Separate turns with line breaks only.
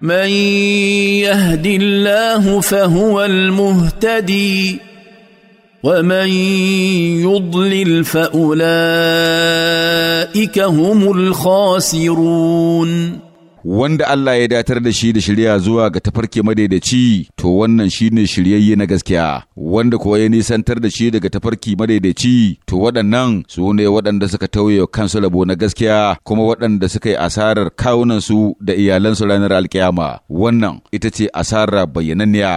من يهد الله فهو المهتدي ومن يضلل فاولئك هم الخاسرون wanda Allah ya datar
da shi da shirya zuwa ga tafarki madaidaici to wannan shine shiryayye na gaskiya wanda kuwa ya nisantar da shi daga tafarki madaidaici to waɗannan su ne waɗanda suka tauye kansu labo na gaskiya kuma waɗanda suka yi asarar kawunansu da iyalansu ranar alkiyama wannan ita ce asarar bayyananniya